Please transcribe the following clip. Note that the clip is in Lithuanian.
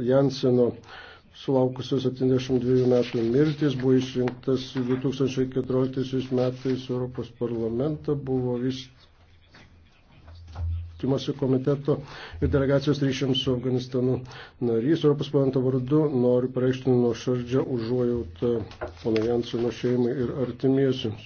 Janseno sulaukusios 72 metų mirtis, buvo išrinktas 2014 metais Europos parlamentą, buvo vis Timosi komiteto ir delegacijos ryšiams su Afganistanu narys. Europos parlamento vardu noriu pareikšti nuo šardžio užuojautą pono Janseno šeimai ir artimiesiems.